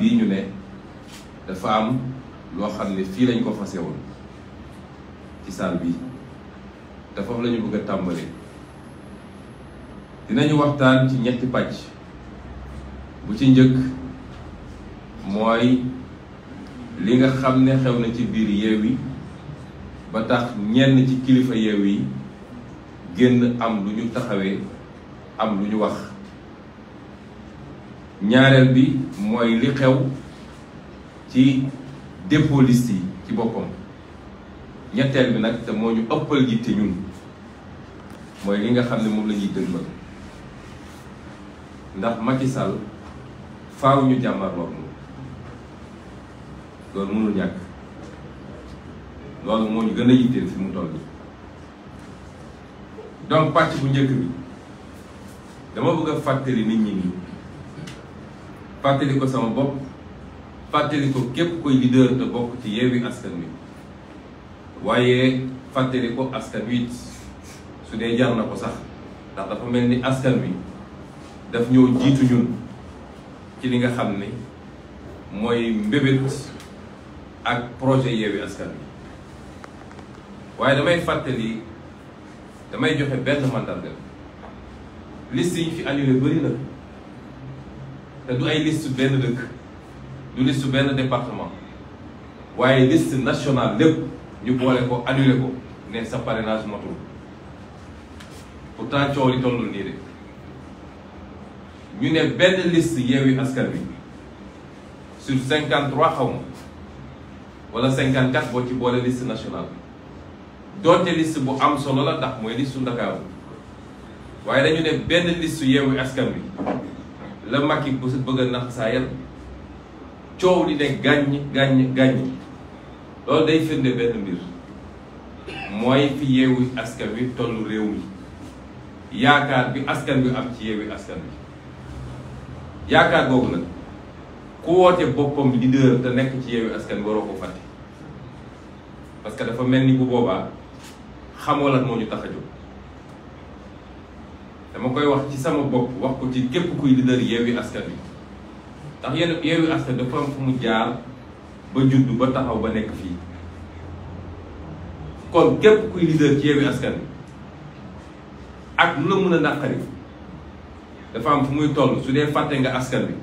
bii ñu ne dafa am loo xam ne fii lañ ko fase woon ci saal bi te foofu la ñu bëgg a dinañu waxtaan ci ñetti pàcc bu ci njëkk mooy li nga xam ne xew na ci biir yi ba tax ñenn ci kilifa Yewwi yi génn am lu ñu taxawee am lu ñu wax ñaareel bi mooy li xew ci dépôt yi ci boppam ñetteel bi nag te moo ñu ëppal yitte ñun mooy li nga xam ne moom la ñuy dëgmal ndax ci Sall faaw ñu jàmmarloog moom loolu mënul ñàkk loolu moo ñu gën a yitteel fi mu toll bi don pàcc bu njëkk bi dama bëgg a fàttali nit ñi nii fàttali ko sama bopp fàttali ko képp koy leader te bokk ci Yewwi Askan Wi waaye fàttali ko askan wi su dee jar na ko sax ndax dafa mel ni askan wi daf ñoo jiitu ñun ci li nga xam ne mooy mbébét ak projet Yewwi Askan Wi waaye damay fàttali damay joxe benn mandarga liste yi ñu fi annulé bëri na. Nous ay liste département. liste département Nous liste nationale lépp ñu annulé ko pourtant nous avons dit. Nous de ñu une liste sur 53 voilà 54 qui ci la liste nationale D'autres listes liste bu am solo la liste la mag Macky bu bëgg a nax saa yal coow li ne gàññ gàññ gàññ loolu day firnde benn mbir mooy fi yeewu askan wi tollu réew mi yaakaar bi askan bi am ci yeewu askan wi yaakaar boobu nag ku woote boppam leader te nekk ci yeewu askan waroo ko fàtte parce que dafa mel ni bu boobaa xamoo lan moo ñu tax a jóg dama koy wax ci sama bopp wax ko ci képp kuy leader yeewi askan bi ndax yéen yeewi askan dafa am fu mu jaar ba judd ba taxaw ba nekk fii kon képp kuy leader ci yeewi askan ak lu la mën a naqari dafa am fu muy toll su dee fàtte nga askan bi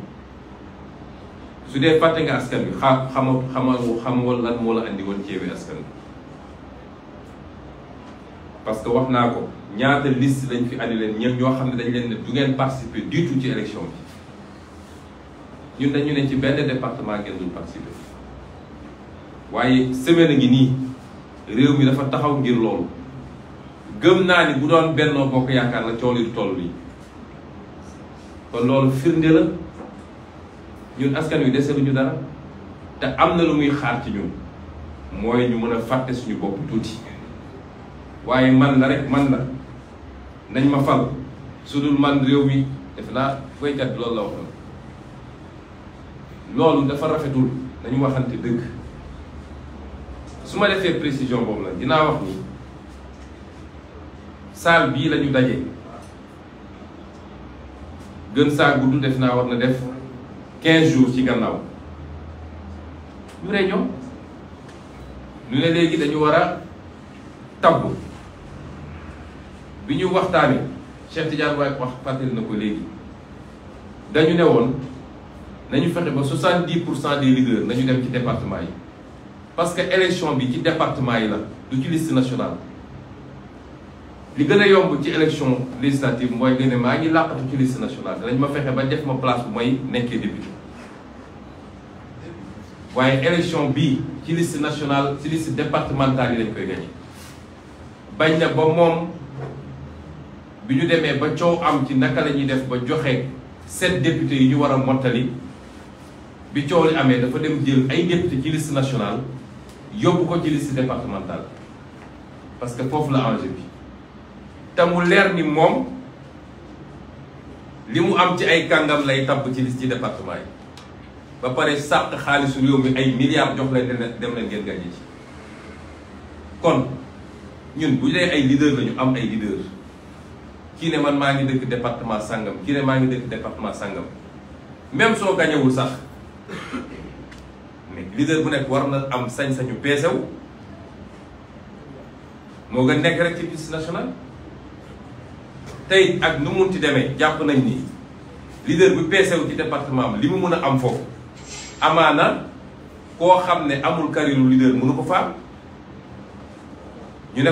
su dee fàtte nga askan bi xa xama xama xamoo lan moo la andi woon ci yeewi askan parce que wax naa ko ñaata liste lañ fi annulé ñëpp ñoo xam ne dañ leen ne du ngeen participer du tout ci élection bi ñun dañu ne ci benn département ngeen duñ participer waaye semaine ngi nii réew mi dafa taxaw ngir loolu gëm naa ni bu doon Benno Bokk Yaakaar la coow li du toll nii kon loolu firnde la ñun askan wi dese dara te am na lu muy xaar ci ñun mooy ñu mën a fàtte suñu bopp tuuti waaye man la rek man la nañ ma fal su dul man réew mi def naa béykat bi loolu la waxoon loolu dafa rafetul nañu waxante dëgg su ma defee précision boobu la dinaa wax ni saal bii lañu ñu daje gën saa gudd def naa war na def quinze jours ci gannaaw ñu réunion ñu ne léegi dañu war tabb biñu ñu waxtaanee Cheikh Tidiane waaye wax fàttali na ko léegi dañu ne woon nañu fexe ba 70 pour cent des leaders nañu dem ci département yi parce que élection bi ci département yi la du ci liste nationale. li gën a yomb ci élection législative mooy nga ne maa ngi làqatu ci liste nationale danañ ma fexe ba def ma place bu may nekkee député waaye élection bii ci liste nationale ci liste départementale yi lañ koy gagné bañ na ba moom. bi ñu demee ba coow am ci naka lañuy ñuy def ba joxe sept députés yi ñu war a mottali bi coow li amee dafa dem jël ay député ci liste nationale yóbbu ko ci liste départementale parce que foofu la enjeu bi te mu leer ni moom li mu am ci ay kàngam lay tabb ci liste ci département yi ba pare sàq xaalisu réew mi ay milliards jox leen dem leen ngeen gàññe ci kon ñun bu dee ay leader lañu am ay leader kii ne man maa ngi dëkk département sangam kii ne maa ngi dëkk département sangam même soo gañewul sax mais leader bu nekk war na am sañ-sañu peesewu moo gën nekk rek ci liste nationale tey ak nu mun ci demee jàpp nañ ni leader bu peesewu ci département am li mu mun a am foofu amaana koo xam ne amul kariru leader mënu ko faam ñu ne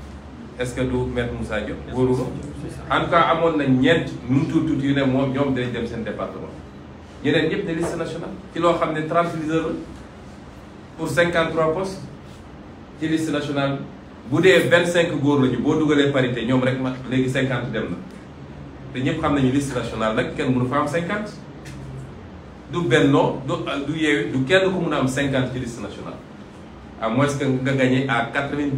est-ce que du maître Moussa Diop en tout cas il y a tout mu tuuti tuuti yu ne moom ñoom dinañ dem seen département ñeneen ñëpp ne liste nationale ci loo xam ne 30 pour 53 postes ci liste nationale bu dee 25 góor lañu boo dugalee parité ñoom rek ma 50 dem na te ñëpp xam nañu liste nationale nag kenn mënu fa am 50 du Benno du du Yewwi du kenn ko mën a am 50 ci liste nationale à moins que nga gagné à 90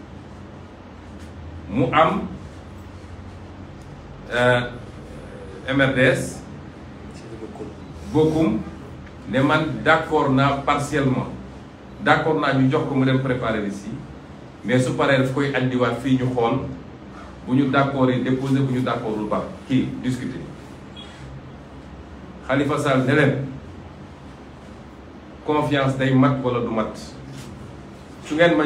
mu am euh, MRDS beaucoup ne d'accord partiellement d'accord nous ñu jox ici mais su il fukoy andi wa fi ñu bu d'accord bu discuter Khalifa Sall ne confiance day mat wala du mat ma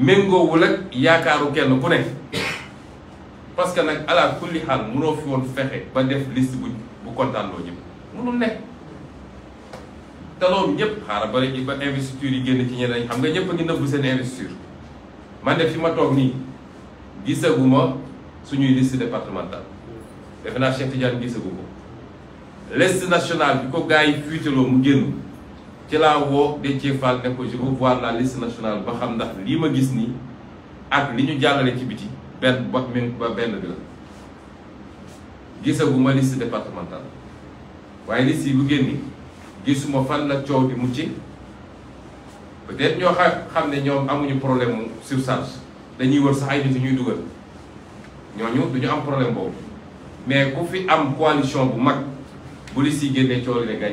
wu la yaakaaru kenn bu nekk parce que nag ala kulli xaal mënoo fi woon fexe ba def liste bu bu kontaanloo ñëpp mënul nekk te loolu ñëpp xaaral ba léegi ba investiture yi génn ci ñeneen xam nga ñëpp a ngi nëbbu seen investiture man de fi ma toog nii gisaguma suñuy liste départementale defe naa Cheikh Tidiane gisagu ko liste nationale bi ko gars yi fuiteloo mu génn. ci laa woo Déthié Fall ne ko je veux voir la liste nationale ba xam ndax lii ma gis nii ak li ñu jàllale ci biti benn ba ba benn bi la gisaguma liste départementale waaye liste yi bu génni gisuma fan la coow di mucc peut-être ñoo xam ne ñoom amuñu problème mu dañuy wër sax ay nit ñuy dugal ñooñu duñu am problème boobu mais ku fi am coalition bu mag bu liste yi génnee coow li ne gañ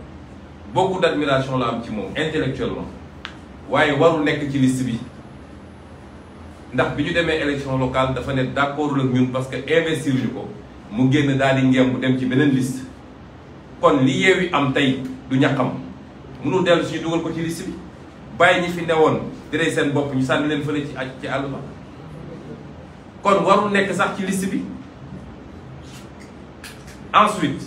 beaucoup d'admiration la am ci moom intellectuellement waaye waru nek ci liste bi ndax biñu démé élection locale dafa né d'accord ak ñun parce que investir ñuko mu génn daal di ngemb dem ci benen liste kon li yéwi am tay du ñàkkam mënu dellu ci duggal ko ci liste bi bàyyi ñi fi newoon direy seen bopp ñu sànni leen feulé ci ci àll kon waru nekk sax ci liste bi ensuite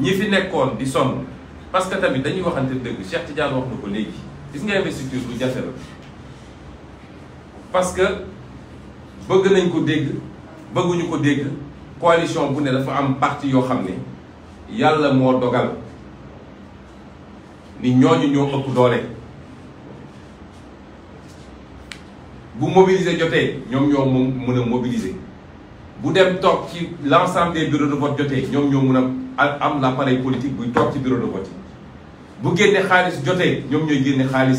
ñi fi nekkoon di sonn parce que tamit dañuy waxante deug Cheikh Tidiane wax na ko légui gis nga investiture bu jafe parce que bëgg nañ ko dégg bëgguñu ko dégg coalition bu né dafa am parti yo xamné yalla mo dogal ni ñooñu ñoo ëpp doole bu mobiliser joté ñom ñoo mëna mobiliser bu dem tok ci l'ensemble des bureaux de vote joté ñom ñoo mëna a am l'appareil politique bu tok ci bureau de vote bu génne xaalis des gens, ñooy ont des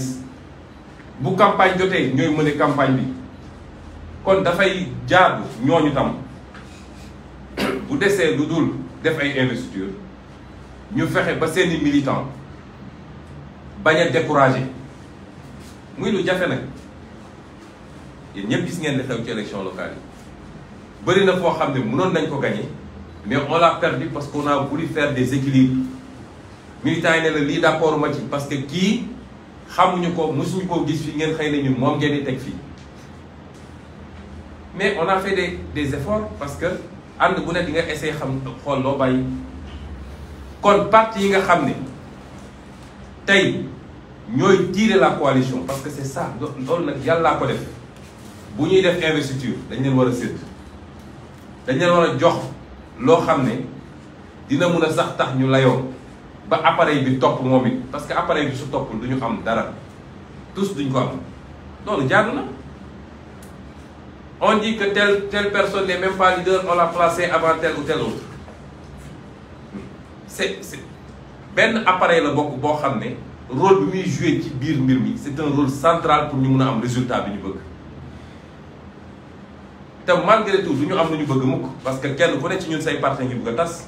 bu campagne jotee ñooy mëne campagne bi kon dafay on des tam bu desee lu def ay investiture ñu faire ba ont militant bañ décourager. ont muy lu jafe ont n'y a gis rien des xew ci élection locale na des ne nañ ko gagné mais on l'a perdu parce qu'on a voulu faire des équilibres militants yi ne la d'accord ma ci parce que qui, xamuñu ko mosuñu ko gis fi ngeen xeyna ñun ngeen di teg mais on a fait des des efforts parce que and bu ne di nga essayer xam xool loo bàyyi kon parti yi nga xam tay ñoy tirer la coalition parce que c'est ça lool nak yalla ko def bu ñuy def investiture dañ leen wara a sédd dañ leen wara jox lo xam dina mëna sax tax ñu layoon ba appareil bi top momit parce que appareil bi su top duñu ñu xam dara tous duñ ko am loolu jaadu na on dit que telle telle personne n'est même pas leader on l'a placé avant tel ou tel autre c'est c'est ben appareil la bokk bo xamné rôle bi muy joué ci bir mbir mi c'est un rôle central pour ñu nous am résultat bi ñu bëgg te malgré tout nous am lu ñu bëgg mukk parce que kenn ku ne ci ñun say partenaire ñu bëgg tas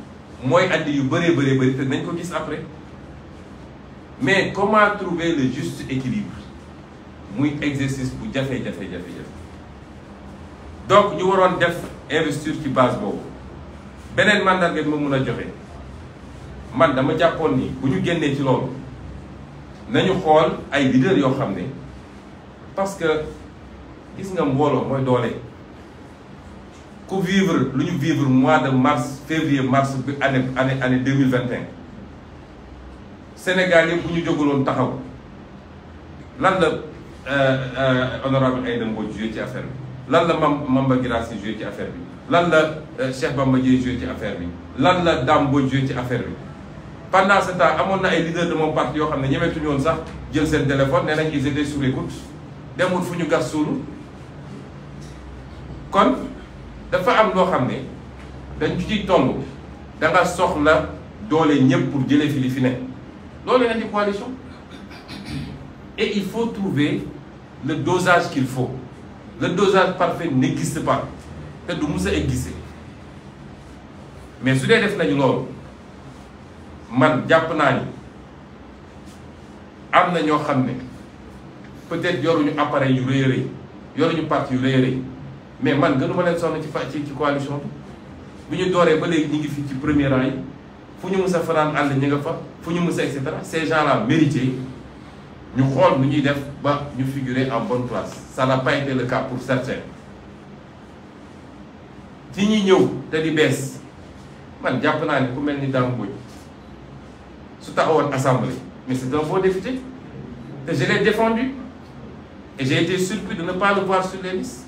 moy andi yu beure beure choses, ko après mais comment trouver le juste équilibre un exercice bu faire, jafé donc ñu waron def investir ci base bobu benen mandarga ma man dama ni buñu génné ci lool nañu xol ay parce que gis nga mbolo moy ku vivre lu vivre mois de mars février mars année année année 2021. mille vingt et un Sénégal ñu jógaloon taxaw lan la euh, euh, honorable Aïda Mbodj joué ci affaire bi lan la Mamba Guirassy joué ci affaire bi lan la euh, Cheikh Bamba Dièye joué ci affaire bi lan la Dame Mbodj joué ci affaire bi pendant ce temps amoon na ay leader de mon parti yo xamné ñëmetu ñu won sax jël sen téléphone nee nañ ils étaient sur écoute demul fuñu gas sulu. kon am dañ ci nga soxla pour fi li fi coalition et il faut trouver le dosage qu'il faut le dosage parfait n'existe pas té du exister mais su dee def nañu lool man japp naa peut-être yoruñu appareil yu rëy rëy yoruñu parti yu rëy mais man gënuma leen sonn ci ci ci coalition bi bu ba légui ñi fi ci premier rang yi fu ñu mus a fanaan àll ñi nga fa ces gens là mérité ñu xol nu ñuy def ba ñu figurer en bonne place ça n'a pas été le cas pour certains ci ñi ñëw té di bess man japp naa ne ku mel ni Dame Mbodj su taxawoon assemblée mais c'est un beau député te je l'ai défendu et j'ai été surpris de ne pas le voir sur les listes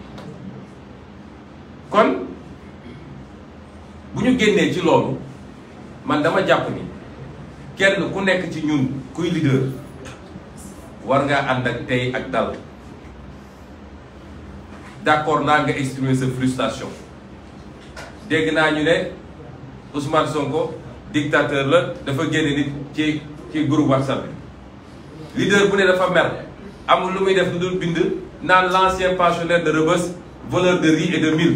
kon bu ñu génnee ci loolu man dama jàpp ni kenn ku nekk ci ñun kuy leader war nga ànd ak tey ak dal d'accord naa nga exprimer sa frustration dégg naa ñu ne Ousmane Sonko dictateur la dafa génne nit ci ci groupe WhatsApp bi leader bu ne dafa mer amul lu muy def lu dul bind naan l'ancien pensionnaire de Rebeuss voleur de riz et de mil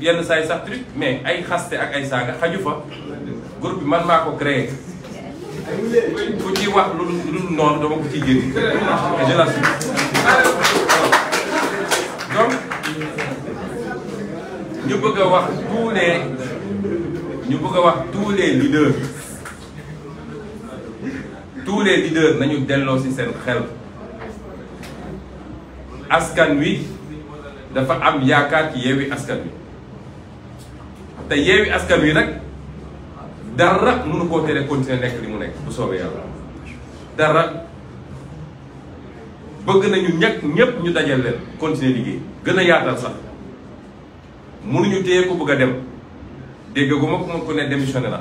yenn saa yi sax truc mais ay xaste ak ay saaga xaju fa groupe bi man maa ko créé ku ci wax lu lu noonu dama ko ciy génn je ñu bëgg a wax tous les ñu bëgg a wax tous les leaders tous les leaders nañu delloo ci seen xel askan wi dafa am yaakaar ci Yewwi Askan Wi te yeewi askan wi nag dara mënu koo tere continuer nekk li mu nekk bu soobee yàlla dara bëgg nañu ñekk ñépp ñu dajal leen continuer liggéey gën a yaatal sax mënuñu téye ko bëgg a dem déggaguma ko moom ku ne démissionné na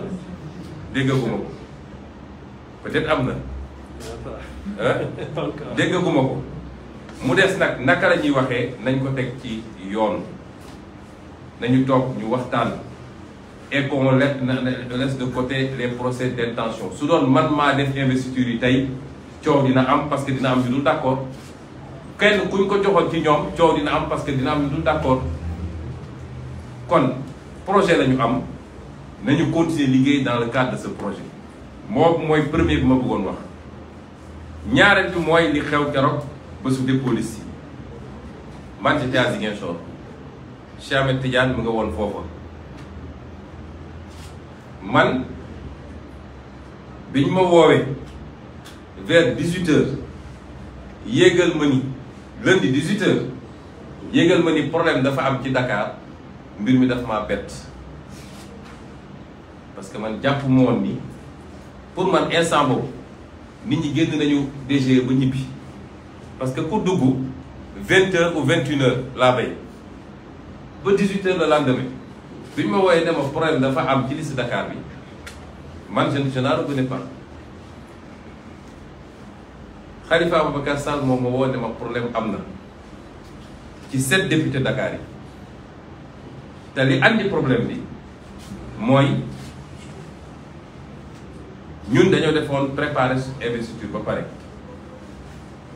déggaguma ko peut-être am na déggaguma ko mu des nag naka la ñuy waxee nañ ko teg ci yoon nañu toog ñu waxtaan et qu'on laisse de côté les procès d'intention su doon man maa def investiture yi tey coow dina am parce que dina am ñu dul d'accord kenn kuñ ko joxoon ci ñoom coow dina am parce que dina am ñu d'accord kon projet la ñu am nañu continuer liggéey dans le cadre de ce projet moom mooy premier bi ma bëggoon wax ñaareel bi mooy li xew keroog bésu dépôt liste yi man j'étais à Ziguinchor Cheikh Ahmed Tidiane mu nga woon foofa man bi ñu ma woowee vers dix-huit heures yéegal ma ni lundi dix-huit heures yéegal ma ni problème dafa am ci Dakar mbir mi dafa ma bett parce que man jàpp ma ni pour man instant nit ñi génn nañu DG ba ñibbi parce que ku dugg vingt heures ou vingt une heures laa bay ba dix-huit heures le lendemain bi ñu ma wooyee ne ma problème dafa am ci liste Dakar bi man je je n'en reconnais pas Khalifa Ababacar Sall moom ma woo ne ma problème am na ci sept député Dakar yi te li andi problème bi mooy ñun dañoo defoon préparer investiture ba pare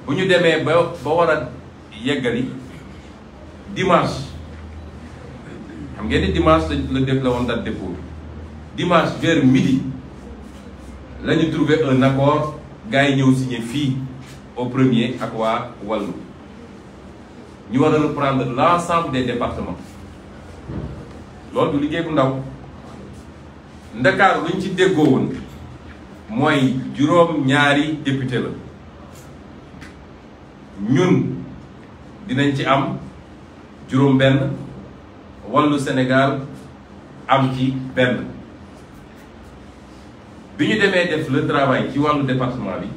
bu ñu demee ba ba yeggali dimanche. xam ngeen dimanche le déploiement de dépôt dimanche vers midi là, nous trouvons un accord gars yi signé au premier à waa Nous ñu reprendre l'ensemble prendre des départements lors du liggéey bu ndaw ndakaaru luñ ci des woon mooy ñaari député Nous, ñun dinañ ci am wàllu Sénégal am ci benn bi ñu demee def le travail ci wàllu département bi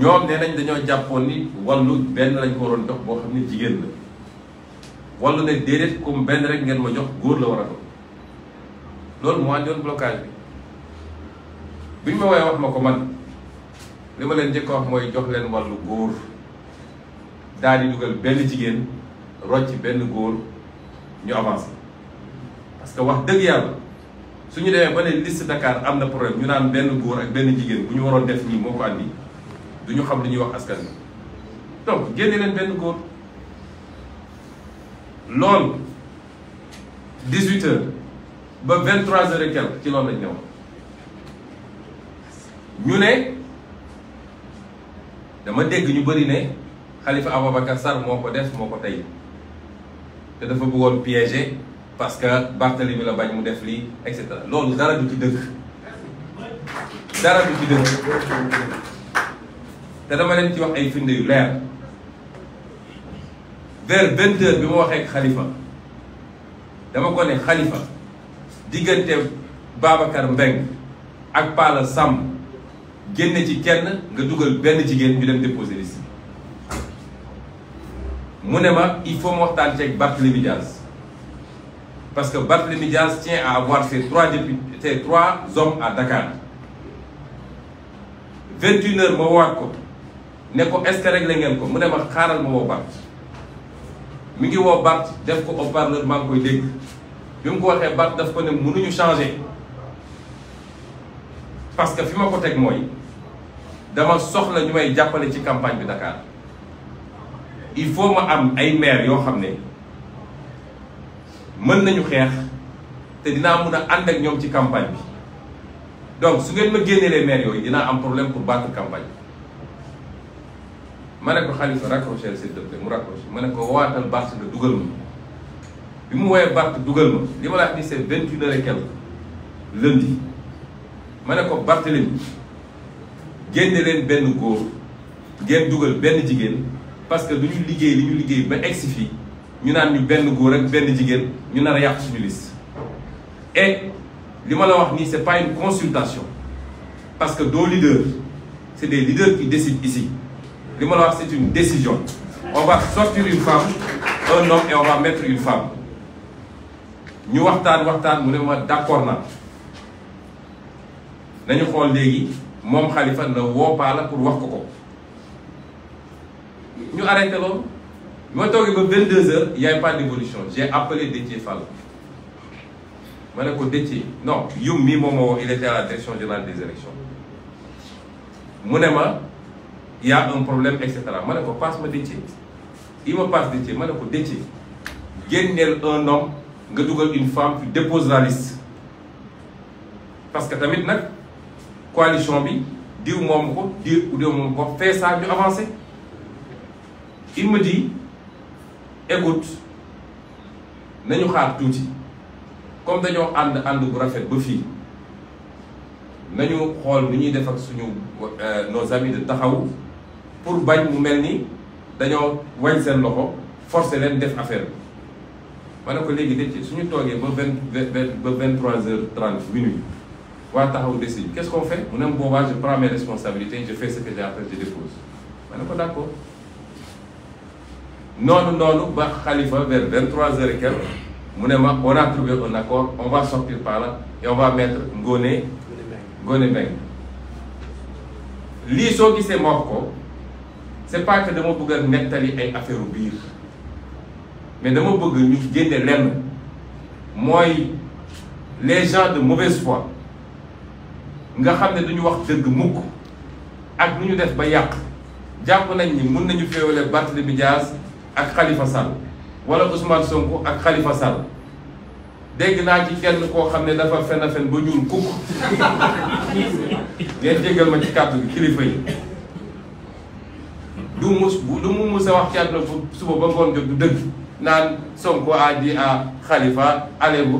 ñoom nee nañ dañoo jàppoon ni wàllu benn lañ waroon jox boo xam ne jigéen la wàllu ne déedéet comme benn rek ngeen ma jox góor la war a doon loolu moo andi woon blocage bi bi ñu ma woowee wax ma ko man li ma leen njëkk wax mooy jox leen wàllu góor daal di dugal benn jigéen rocc benn góor. ñu avancé parce que wax dëgg yàlla su ñu demee ba ne liste Dakar am na problème ñu naan benn góor ak benn jigéen bu ñu waroon def nii moo ko andi du ñu xam li ñuy wax askan bi donc génne leen benn góor loolu 18 ba 23 heures et quelque ci loolu lañ ñëw ñu ne dama dégg ñu bëri ne xalifa Khalifa Ababacar Sall moo ko def moo ko tey. te dafa bëggoon piéger parce que la bañ mu def lii dara du ci dara du ci dama leen ci wax ay vers vingt bi ma waxee ak Khalifa dama ko Khalifa diggante Babacar Mbeng ak Pala ci kenn nga benn déposé mu ma il faut ma waxtaan ceeg Barthélémy Diaz parce que Barthélémy Diaz tient à avoir ses trois députés ses trois hommes à Dakar 21 une heures ma woowaat ko ne ko est-ce que réglé ngeen ko mu ne ma xaaral ma woo Bart mi ngi woo Bart def ko haut-parleur maa ngi koy dégg bi mu ko waxee Bart daf ko ne mënuñu changer parce que fi ma ko teg mooy dama soxla ñu may jàppale ci campagne bi Dakar il faut ma am ay maire yoo xam ne mën nañu xeex te dinaa mun a ànd ak ñoom ci campagne bi donc su ngeen ma génneelee maire yooyu dinaa am problème pour battre campagne bi ma ne ko Khalifa raccrocher si te plaît mu raccrocher ma ne ko waatal Barth nga dugal ma bi mu woowee Barth dugal ma li ma la fii ni c'est vingt une heures et ma ne ko Barthélémy génne leen benn góor ngeen dugal benn jigéen parce que nous sommes liggéey li ñu liggéey ba egsi nous ñu naan ñu benn goor ak benn ñu et ce n'est la c'est pas une consultation parce que nos leaders c'est des leaders qui décident ici Ce n'est la c'est une décision on va sortir une femme un homme et on va mettre une femme Nous waxtaan waxtaan mu ne d'accord Nous nañu xool léegi moom Khalifa na woo pour wax ko nous arrêté Je suis arrivé ba 22h il n'y a pas d'évolution. j'ai appelé détié Fall Je ne ko non il était à la direction générale des élections mon il il y' a un problème etc. Je passe mon Déthié il me passe Déthié Je ne ko Détier, un homme nga une femme puis dépose la liste parce que tamit nag coalition bi diw moom ko diw diw moom ko faire ça avancer il me dit écoute nañu xaar touti comme nous and fait bu rafet ba fi nañu xol ni ñuy def ak suñu euh, nos amis de taxaw pour bañ mu melni dañu nous sen loxo forcer len def affaire mané ko légui dit « suñu togué ba 23 h 30 minutes wa taxaw dessi qu'est-ce qu'on fait mon je prends mes responsabilités je fais ce que j'ai faire, je dépose ko d'accord non, non, ba Khalifa vers 23 h heures et on a trouvé un accord on va sortir par là et on va mettre Ngoné Ngoné Meng L'ISO qui s'est mort ce c'est pas que nous bëgg mettre nettali affaire BIR, mais dama bëgg ñu lenn moi, les gens de mauvaise foi nga xam ne duñu wax dëgg mukk ak avons ñu def ba ne ak Khalifa Sall wala Ousmane Sonko ak Khalifa Sall dégg naa ci kenn koo xam ne dafa fen fen ba ñuul kukk ngeen jéggal ma ci kàddu gi kilifa yi du mus du mu mus a wax ci àdduna suba ba ngoon jot du dëgg naan sonk a di à Khalifa alebu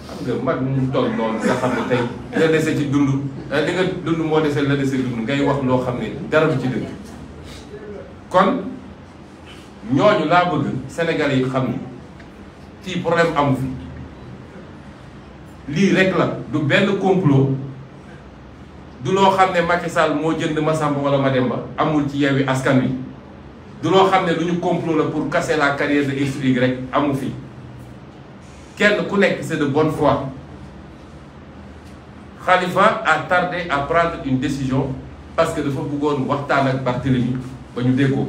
xam nga mag mu toll noonu nga xam ne tey la dese ci dund eh, li nga dund moo dese la dese dund ngay wax loo xam ne dara bu ci dëgg kon ñooñu laa bëgg Sénégalais yi xam ci problème amu fi rek la du complot du ne Macky Sall moo jënd Massamba wala Mademba amul ci Askan du ne complot pour casser la carrière de l'Esprit rek amu fi c'est de bonne foi Khalifa a tardé à prendre une décision parce que dafa bëggoon waxtaan ak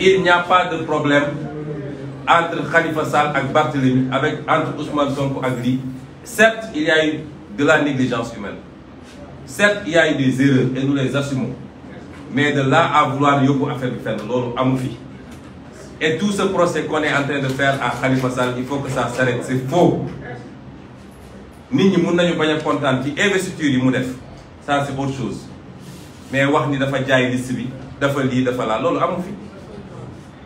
il n'y a pas de problème entre Khalifa Sall et Barthélémy, avec, entre Ousmane Sonko et Gli. Certes, il y a eu de la négligence humaine. Certes, il y a eu des erreurs et nous les assumons. Mais de là à vouloir Yoko à faire de faire de Amoufi. Et tout ce procès qu'on est en train de faire à Khalifa Sall, il faut que ça s'arrête. C'est faux. Nous ne sommes pas contents qui investiture Ça, c'est autre chose. Mais wax ni dafa jaay liste bi dafa lii dafa laa loolu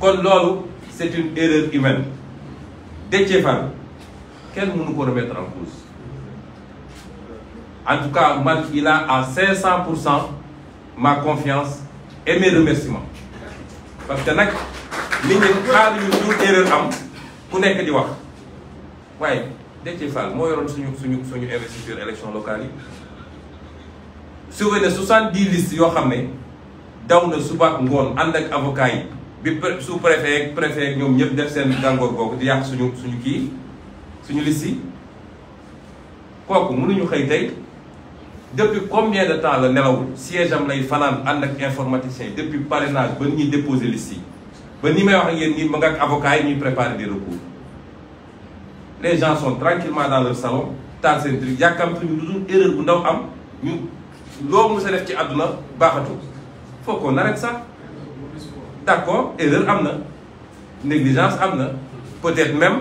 kon loolu c'est une erreur humaine Déthié Quel kenn mënu ko remettre en cause en tout cas il a à 500 ma confiance et mes remerciements parce que nag nit ñi xaar ñu erreur am ku nekk di wax waaye suis Fall moo yoroon suñu suñu suñu élection locale yi vous 70 listes yoo xam ne daw na suba avocat yi bi sous préfet ak préfet ak ñoom ñëpp def seen gàngoor boobu di yàq suñu suñu kii suñu liste yi kooku mënuñu xëy tey depuis combien de temps la nelawul siège am lay fanaan ànd ak informaticien depuis parrainage ba ñuy déposé liste yi ba ni may wax ak yéen ma nga avocat yi ñuy préparer des recours les gens sont tranquillement dans leur salon taal seen truc yàkkamtuñu lu dul erreur bu ndaw am ñu loo mës a def ci àdduna baaxatu faut qu'on arrête ça d'accord erreur amna, négligence amna, peut-être même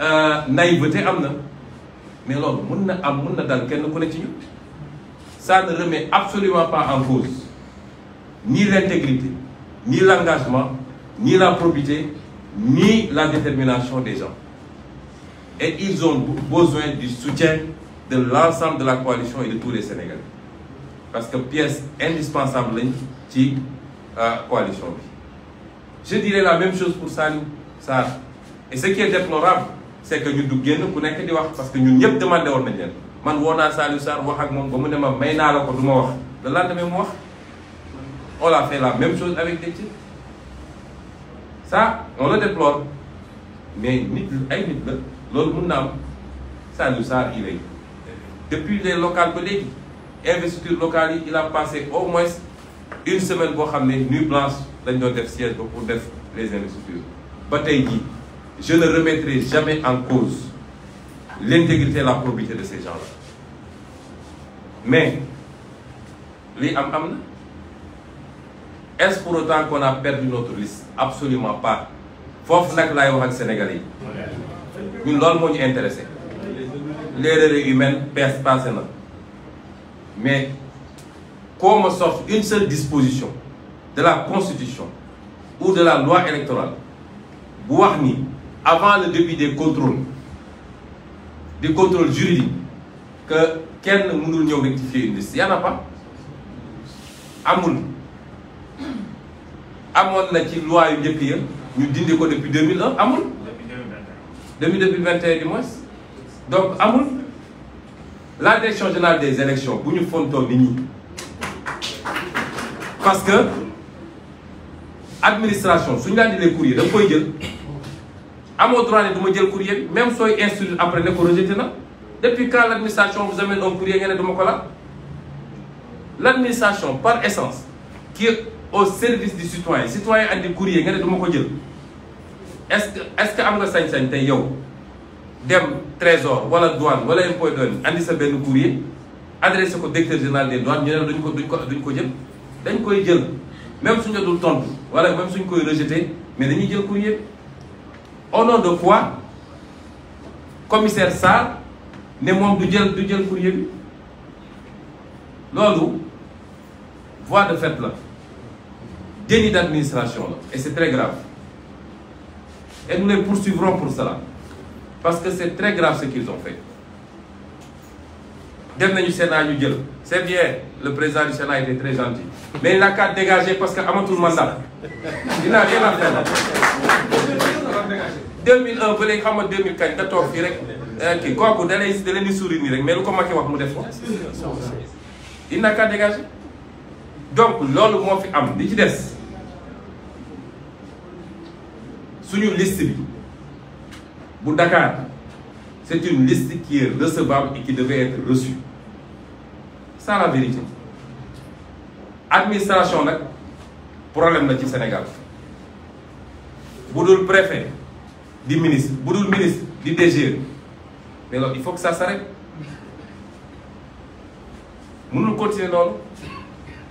euh, naïveté amna. mais alors, il am dal ça ne remet absolument pas en cause ni l'intégrité ni l'engagement ni la probité ni la détermination des gens et ils ont besoin du soutien de l'ensemble de la coalition et de tous les Sénégalais parce que pièce indispensable c'est la euh, coalition je dirais la même chose pour Saliou Sarr et ce qui est déplorable c'est que nous du nous ku nekk di parce que nous ñëpp demandé woon nañ Je man woo naa Saliou Sarr wax ak moom ba mu ne ma may à la le lendemain on a fait la même chose avec Déthié ça on le déplore mais il ay nit la loolu ça. na am Saliou depuis les locales de léegi investiture locale il a passé au moins une semaine pour amener nuit blanche nous avons def siège pour les investitures je ne remettrai jamais en cause l'intégrité et la probité de ces gens-là mais les est-ce pour autant qu'on a perdu notre liste absolument pas Faut que nous wax ak Sénégalais Nous sommes loolu Les ñu intéressé l'erreur humaine pas passé na mais comme sauf une seule disposition de la constitution ou de la loi électorale avant le début des contrôles des contrôles juridiques que kenn mënul ñëw rectifier une liste en a pas amul la na ci loi yu nous ya ñu depuis 2001 amul depuis 2021 du moins donc Amoun la direction générale des élections bu nous font ton parce que administration suñu laa jëlee courrier da nga koy jël amo droit ne duma jël courrier même soy instruire après né ko rejeté na depuis quand l'administration vous amène un courrier nga ne ko la L'administration, par essence qui est au service du citoyen citoyen andi courrier nga ne ko jël est ce que est ce que am nga sañ-sañ tay yow dem trésor wala douane wala impôt douane andi sa ben courrier adressé ko directeur général des douanes ñu ne duñ ko duñ ko duñ ko jël dañ koy jël même nous avons tout le temps, même nous koy rejeté mais dañuy jël courrier au nom de quoi commissaire Sarr nous avons du jël du courrier bi voix voie de fait là, déni d'administration et c'est très grave et nous les poursuivrons pour cela parce que c'est très grave ce qu'ils ont fait dem nañu Sénat jël c'est bien le président du Sénat était très gentil mais il n'a qu'à dégager parce qu'amatul mandat il n'a rien à faire 2001 ba léegi euh, rek mais il n'a qu'à dégager donc sur une liste pour Dakar c'est une liste qui est recevable et qui devait être reçue ça la vérité administration problème de ci Sénégal budul le préfet di ministre budul ministre di DG mais il faut que ça s'arrête nous continuer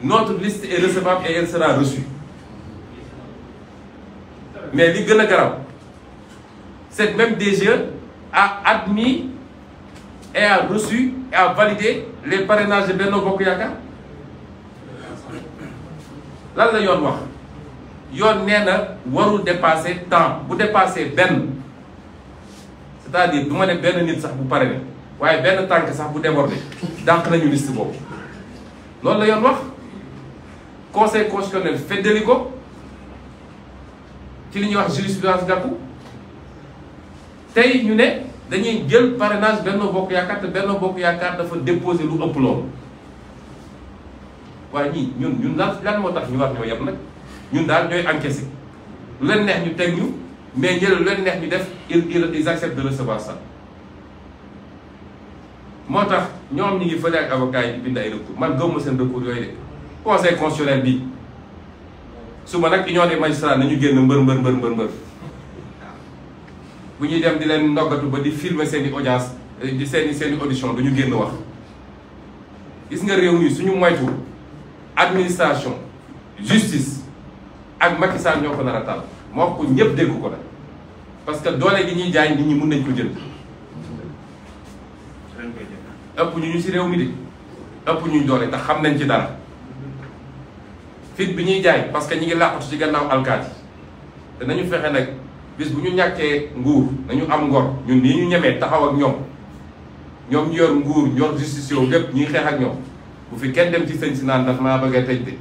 notre liste est recevable et elle sera reçue mais li gëna grave. cette même DG a admis et a reçu et a validé les parrainages de Benno Bokuyaka lan la yoon wax yoon nee na warul dépasser temps bu dépasser benn c'est-à-dire du ma ne benn nit sax bu pare ne waaye benn tànk sax bu débordé dànq nañu liste boobu loolu la yoon wax conseil constitutionnel feddali ko ci lu ñuy wax jurisprudence Gakou tey ñu ne dañuy jël parrainage Benno Bokk Yaakaar te Benno Bokk Yaakaar dafa déposé lu ëpp loolu waaye ñii ñun ñun lan lan moo tax ñu war ñoo yem nag ñun daal ñooy encaissé lu leen neex ñu teg ñu mais jël lu leen neex ñu def ils ils acceptent de recevoir ça moo tax ñoom ñu ngi fële ak avocat yi bind ay recours man gëmuma seen recours yooyu de conseil constitutionnel bi suba nag union des magistrats ñu génn mbër mbër mbër mbër bu ñuy dem di leen ndoggatu ba di filmer seen i audience di seen i seen i audition du ñu génn wax gis nga réew mi suñu moytu administration justice ak Macky Sall ñoo ko nar a ma wax ko ñëpp dégg ko nag parce que doole gi ñuy jaay nit ñi mun nañ ko jënd. ëpp ñu ñu si réew mi de ëpp ñu doole te xam nañ ci dara fit bi ñuy jaay parce que ñi ngi làqatu ci gannaaw alkaati te nañu fexe nag bis bu ñu ñàkkee nguur nañu am ngor ñun nii ñu ñemee taxaw ak ñoom ñoom ñu yor nguur ñor justice yow lépp ñuy xeex ak ñoom. bu fi kenn dem ci sëñ si naan daf maa bëgg a tëj de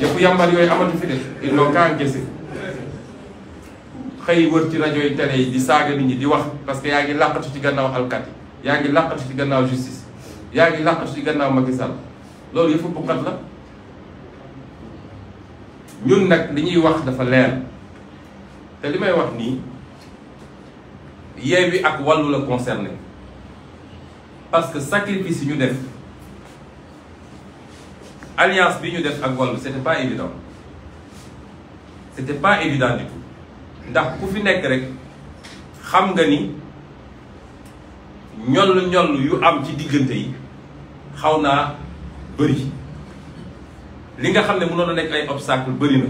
yëpp yàmbar yooyu amatu fi de ils n'ont qu'à encaisser xëy wër ci rajo yi yi di saaga nit ñi di wax parce que yaa ngi làqatu ci gannaaw alkati yaa ngi làqatu ci gannaaw justice yaa ngi làqatu ci gannaaw Macky Sall loolu yëpp bukkat la ñun nag li ñuy wax dafa leer te li may wax nii Yewwi ak Wallu la concerné parce que sacrifice yi ñu def alliance bi ñu def ak wàllu c'était pas évident c'était pas évident du tout ndax ku fi nek rek xam nga ni ñol ñoll yu am ci diggante yi xawna naa li nga xamne ne nek ay obstacle bëri na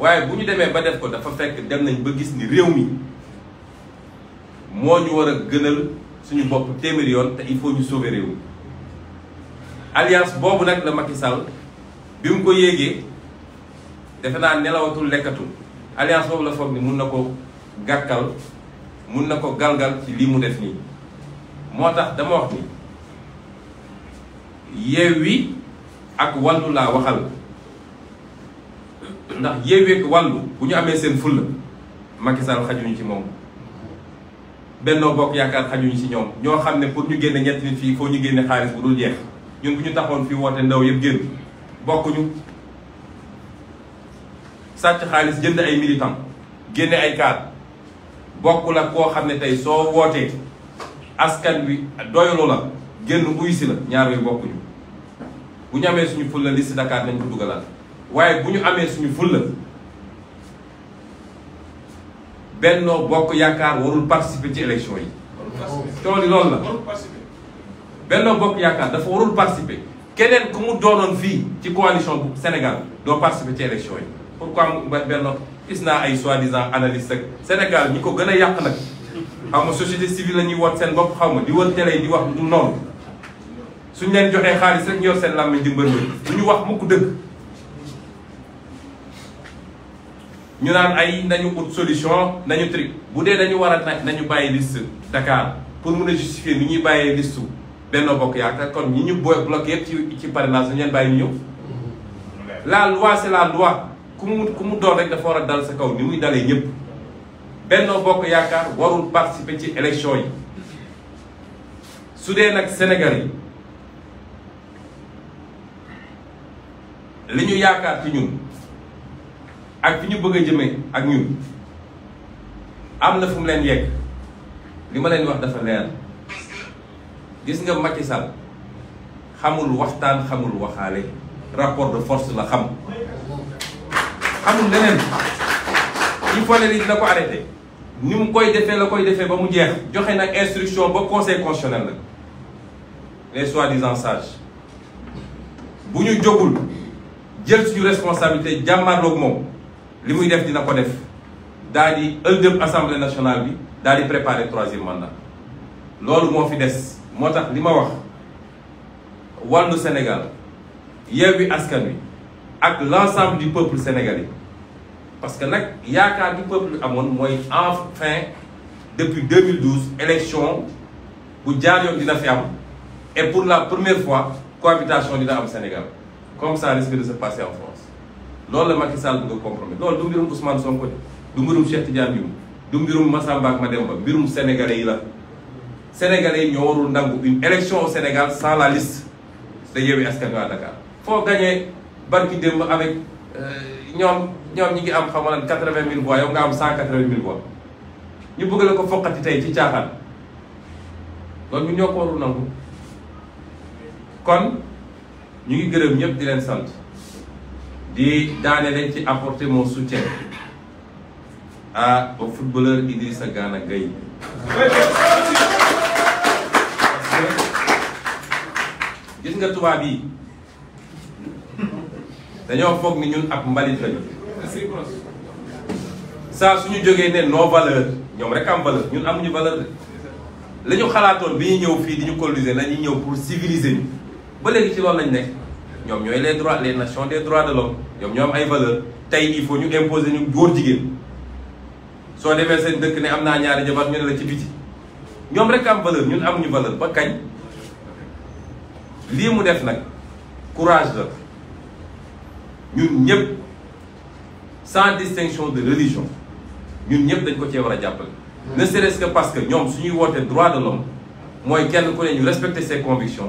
waaye bu ñu demee ba def ko dafa fekk dem nañ ba gis ni réew mi moo ñu war a gënal suñu bopp téeméeri yoon te il faut ñu sauver réew mi alliance boobu nag la Macky Sall bi mu ko yéegee defe naa nelawatul lekkatu alliance boobu la foog ni mun na ko gàkkal mun na ko galgal ci lii mu def nii moo tax dama wax ni Yewwi ak Wallu laa waxal ndax Yewwi ak Wallu bu ñu amee seen fulla Macky Sall ci moom bennoo bokk yaakaar xajuñ si ñoom ñoo xam ne pour ñu génne ñetti nit fii foo ñu génne xaalis bu dul jeex ñun bu ñu taxoon fii wootee ndaw yëpp génn bokkuñu sàcc xaalis jënd ay militant génne ay cadre bokkul la koo xam ne tey soo wootee askan wi doyalu la génn buy si la ñaar yooyu bokkuñu bu ñu amee suñu fulla liste Dakar nañ ko dugalaat waaye bu ñu amee suñu fulla Bennoo Bokk Yaakaar warul participer ci élection yi. tool yi loolu la. Bennoo Bokk Yaakaar dafa warul participer keneen ku mu doonoon fii ci coalition bu Sénégal doo participer ci élection yi pourquoi mu Bennoo gis naa ay soi-disant analyste ak Sénégal ñi ko gën a yàq nag xaw ma société civile la ñuy woot seen bopp xaw ma di wër télé yi di wax du noonu suñ leen joxee xaalis rek yor seen làmmiñ di mbër bu ñu wax mukk dëgg. ñu naan ay nañu ut solution nañu tri bu dee dañu war a nañu bàyyi liste Dakar pour mun a justifier ni ñuy bàyyee liste Benno Bokk Yaakaar kon ñi ñu booy bloqué yëpp ci ci naa dañu leen bàyyi ñu ñëw. Mm-hmm. la loi c'est la loi ku mu ku mu doon rek dafa war a dal sa kaw ni muy dalee ñëpp Benno Bokk Yaakaar warul participer ci élection yi su dee nag Sénégal yi li ñu yaakaar ci ñun. ak fi ñu bëgg a jëmee ak ñun am na leen yegg li ma leen wax dafa leer gis nga Macky Sall xamul waxtaan xamul rapport de force la xam xamul leneen il faut li dina ko arrêté ni mu koy defee la koy defee ba mu instruction ba conseil constitutionnel les soi-disant sages bu ñu jógul jël suñu responsabilité jàmmarloog li muy def dina ko def daal assemblée nationale bi daal di préparer troisième mandat loolu moo fi des moo tax wax wàllu Sénégal Yewwi Askan Wi ak l'ensemble du peuple sénégalais parce que nag a du peuple amoon mooy enfin depuis 2012 élection bu jaar yoon dina fi et pour la première fois cohabitation dina am Sénégal comme ça risque de se passer en France loolu la Macky Sall bëgg a loolu du mbirum Ousmane Sonko du mbirum Cheikh Tidiane Youm du mbirum Massamba ak Mademba mbirum sénégalais yi la sénégalais yi ñoo warul nangu une élection Sénégal sans la liste da Yewwi Askan Wi à Dakar foo gagné barki démb avec euh, ñoom ñoom ñi ngi am xam nga quatre-vingt mille voix yow nga am cent quatre-vingt mille voix ñu bëgg la ko foqati tey ci caaxaan loolu ñu ñoo ko warul nangu kon ñu ngi gërëm ñëpp di leen sant di daanele ci apporter mon soutien à au footballeur Idrissa Gana Gueye gis nga tubaab yi dañoo foog ni ñun ab mbalit lañu saa suñu jógee ne nos valeurs ñoom rek am valeur ñun amuñu valeur de la ñu xalaatoon bi ñu ñëw fii di ñu coloniser nañu ñëw pour civiliser ñu ba léegi ci loolu lañ nekk Nous ñoy les droits les nations des droits de l'homme ñom ñom des ay valeur tay il faut ñu imposer ñu góor jigen so des valeurs, dëkk né amna ñaari ñu la ci des valeurs, rek am valeur ñun amuñu valeur ba kañ mu def courage la ñun sans distinction de religion nous ñëpp dañ ko ci wara jappal ne serait-ce que parce que nous suñuy woté droit de l'homme moy kenn ku ne respecter ses convictions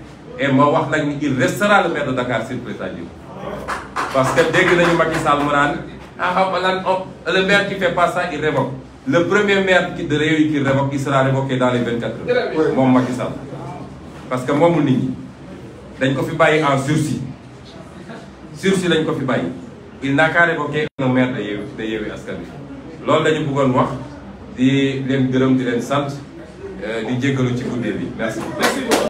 et moi, wax il restera le maire de Dakar sur président parce que dès que Macky Sall ah, oh, le maire qui fait pas ça il révoque le premier maire qui de qui révoque il sera révoqué dans les 24 heures parce que moi, nit en sursis sursis lañ pas fi il n'a qu'à révoquer un maire de de que nous avons. merci